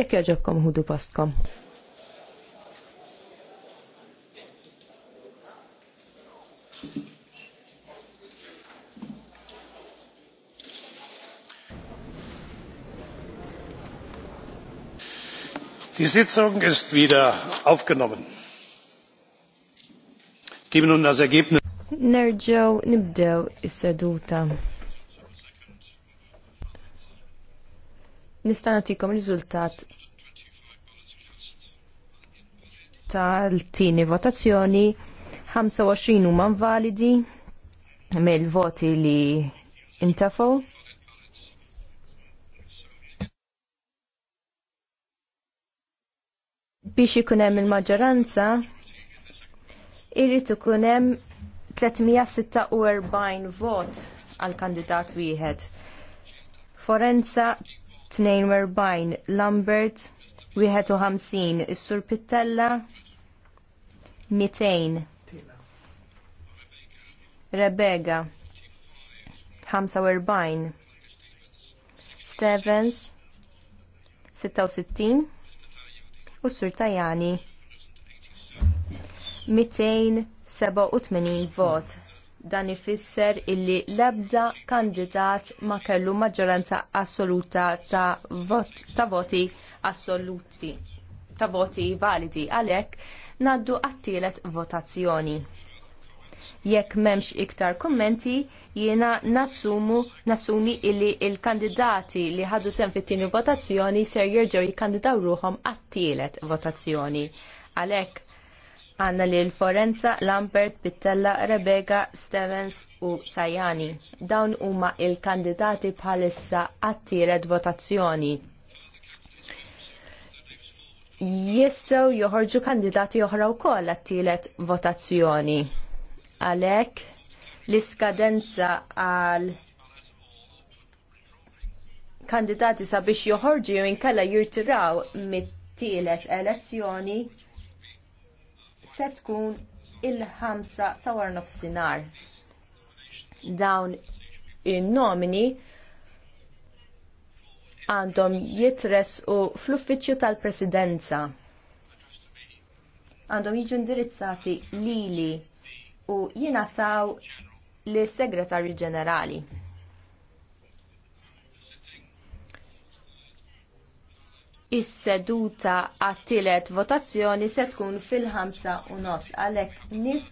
jekk jogħġobkom ħudu postkom. die sitzung ist wieder aufgenommen. Geben nun das nerġgħu nibdew is-seduta. Nista' nagħtikom riżultat tal-tieni votazzjoni 25 huma validi mill-voti li intafu. Biex ikun hemm il-maġġoranza irrid ikun hemm 346 vot għal kandidat wieħed. Forenza 42 Lambert 51 Is-Sur Pittella 200 Rebega 45 Stevens 66 u Sur Tajani 287 vot dan ifisser illi l-ebda kandidat ma kellu maġġoranza assoluta ta', vot, ta voti assoluti ta' voti validi għalhekk ngħaddu għat-tielet votazzjoni. Jekk m'hemmx iktar kummenti, jiena nassumu nassumi illi il-kandidati li ħadu sem fit-tieni votazzjoni ser jerġgħu jikkandidaw ruhom għat-tielet votazzjoni. Għalhekk għanna li l-Forenza, Lambert, Pittella, Rebecca, Stevens u Tajani. Dawn huma il-kandidati bħalissa għattiret votazzjoni. Jistgħu joħorġu kandidati oħra wkoll għattiret votazzjoni. Għalhekk l-iskadenza għal kandidati sabiex joħorġu jew inkella jirtiraw mit-tielet elezzjoni se tkun il-ħamsa sawar nofsinhar. Dawn in-nomini għandhom jitresqu fl-uffiċċju tal-presidenza. Għandhom jiġu indirizzati lili u jingħataw lis segretarju ġenerali. is-seduta għat-tielet votazzjoni se tkun fil-5 u nofs għalhekk nif